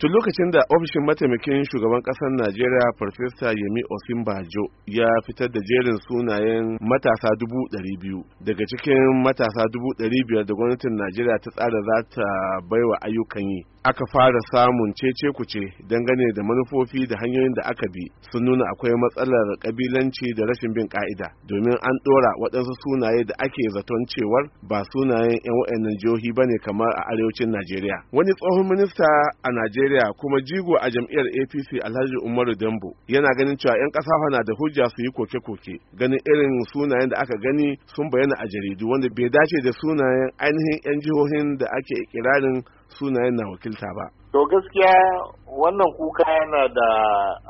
tun lokacin da ofishin mataimakin shugaban kasar najeriya farfesa yemi osinbajo ya fitar da jerin sunayen matasa dubu ɗari biyu daga cikin matasa dubu ɗari biyar da gwamnatin najeriya ta tsara za ta baiwa ayyukan yi aka fara samun cece kuce dangane da manufofi da hanyoyin da aka bi sun nuna akwai matsalar kabilanci da rashin bin ka'ida domin an dora waɗansu sunaye da ake zaton cewar ba sunayen 'yan wa'annan jihohi ba ne kamar a arewacin najeriya wani tsohon minista a najeriya kuma jigo a jam'iyyar apc alhaji umaru dambo yana ganin cewa 'yan ƙasa na da hujja su yi koke-koke ganin irin sunayen da aka gani sun bayyana a jaridu wanda bai dace da sunayen ainihin 'yan jihohin da ake ikirarin sunayen na wakilta ba. To gaskiya wannan kuka yana da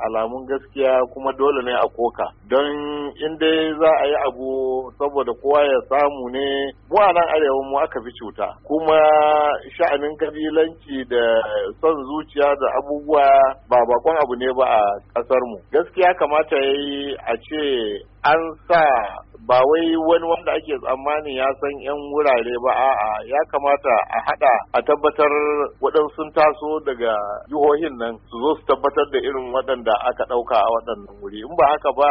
alamun gaskiya kuma dole ne a koka don inda za a yi abu saboda kowa ya samu ne mu a nan arewa mu aka fi cuta kuma sha'anin kabilanci da son zuciya da abubuwa ba bakon abu ne ba a ƙasar mu gaskiya kamata ya yi a ce an sa ba wai wani wanda ake tsammanin ya san 'yan wurare ba a'a ya kamata a hada a tabbatar waɗansu taso daga jihohin nan su zo su tabbatar da irin waɗanda aka ɗauka a waɗannan wuri in ba haka ba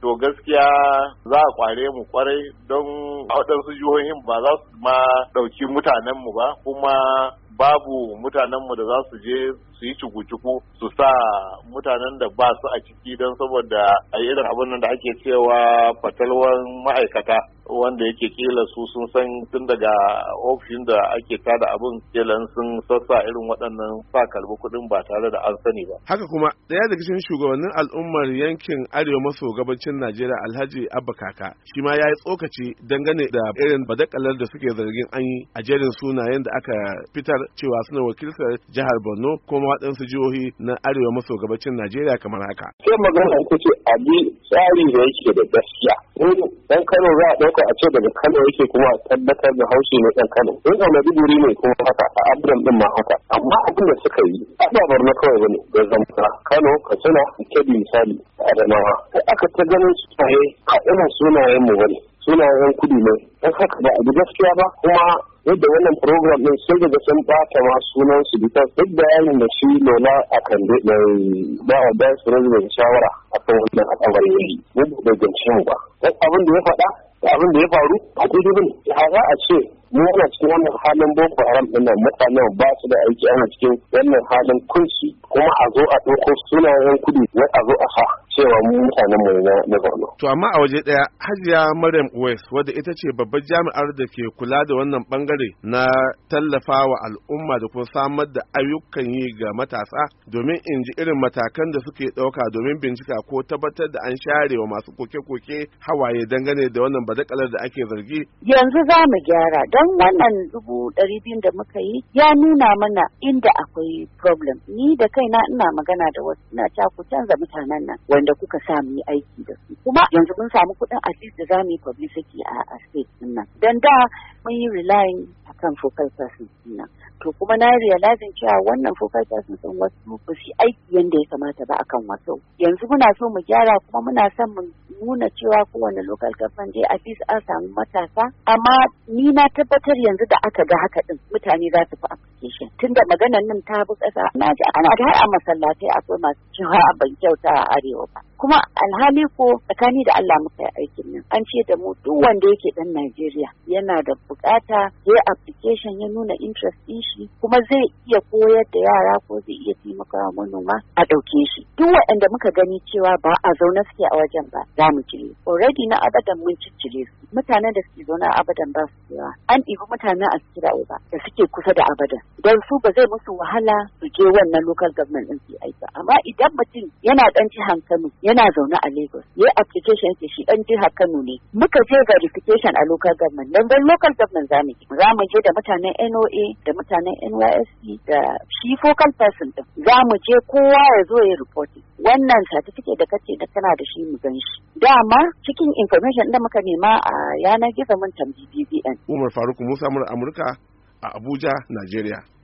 to gaskiya za a kware mu kwarai don waɗansu jihohin ba za su ma ɗauki mu ba kuma babu mutanenmu da za su je su yi cuku-cuku su sa mutanen da ba su a ciki don saboda a irin abin da ake cewa fatalwar ma'aikata wanda yake kila su sun san tun daga ofishin da ake kada abin kila sun sassa irin waɗannan sa kalbi kuɗin ba tare da an sani ba. Haka kuma ɗaya daga cikin shugabannin al'ummar yankin arewa maso gabancin Najeriya Alhaji Abba Kaka shi ma ya yi tsokaci dangane da irin badakalar da suke zargin an yi a jerin sunayen da aka fitar cewa suna wakiltar jihar Borno kuma waɗansu jihohi na arewa maso gabacin Najeriya kamar haka. Sai magana ita ce abi tsari da yake da gaskiya. Dan Kano za a ɗauka a ce daga Kano yake kuma a tabbatar da haushi ne ɗan Kano in a Maiduguri ne kuma haka a Abdul ɗin ma haka amma abin da suka yi ababar na kawai bane da zamfara Kano Katsina Kebbi misali Adamawa aka ta ganin sunaye a irin sunayen mu bane sunayen kudu ne in haka ba a bi gaskiya ba kuma yadda wannan program din sun daga sun bata ma sunan su bisa duk yayi da shi lola a kan mai ba a su rage shawara a kan wannan al'amari yayi mun da gancin ba abin da ya faɗa abin da ya faru a kudu bin ya za a ce mu ana cikin wannan halin boko haram din nan mutanen ba su da aiki ana cikin wannan halin kunshi kuma a zo a ɗauko sunayen kudi wai a zo a sa cewa mu mutanen mai na Borno. To amma a waje ɗaya Hajiya Maryam West wadda ita ce babbar jami'ar da ke kula da wannan bangare na tallafa wa al'umma da kuma samar da ayyukan yi ga matasa domin in ji irin matakan da suke ɗauka domin bincika ko tabbatar da an share wa masu koke-koke hawaye dangane da wannan badakalar da ake zargi. Yanzu za mu gyara don wannan dubu ɗari biyun da muka yi ya nuna mana inda akwai problem. Ni da kaina ina magana da wasu ina cakucan ku canza mutanen nan wanda suka sa mu yi aiki da su kuma yanzu mun samu kuɗin at least da za mu yi publicity a a state din nan dan da mun yi relying akan focal person din nan to kuma na realizing cewa wannan focal person sun wasu ba su aiki yanda ya kamata ba akan wasu yanzu muna so mu gyara kuma muna son mu nuna cewa kowane local government dai at least an samu matasa amma ni na tabbatar yanzu da aka ga haka din mutane za su fi application tunda maganar nan ta bi ƙasa na ji ana da har a masallatai akwai masu cewa ban kyauta a arewa ba kuma alhali ko tsakani da Allah muka yi aikin nan an ce da mu duk wanda yake dan Najeriya yana da bukata ya application ya nuna interest din shi kuma zai iya koyar da yara ko zai iya taimaka manoma a dauke shi duk waɗanda muka gani cewa ba a zauna suke a wajen ba za mu cire already na abadan mun ciccire su mutanen da suke zauna a abadan ba su yawa an ɗibi mutanen a suke ba da suke kusa da abadan don su ba zai musu wahala su je wannan local government din su aika amma idan mutum yana ɗan ci hankali yana zaune a Lagos yayi application sai shi dan jihar Kano ne muka je verification a local government dan dan local government zamu je zamu je da mutanen NOA da mutanen NYSC da shi focal person din zamu je kowa ya zo ya reporting wannan certificate da kace da kana da shi mu gan shi dama cikin information da muka nema a yanar gizo mun tambayi BBN Umar Faruk Musa Amurka a Abuja Nigeria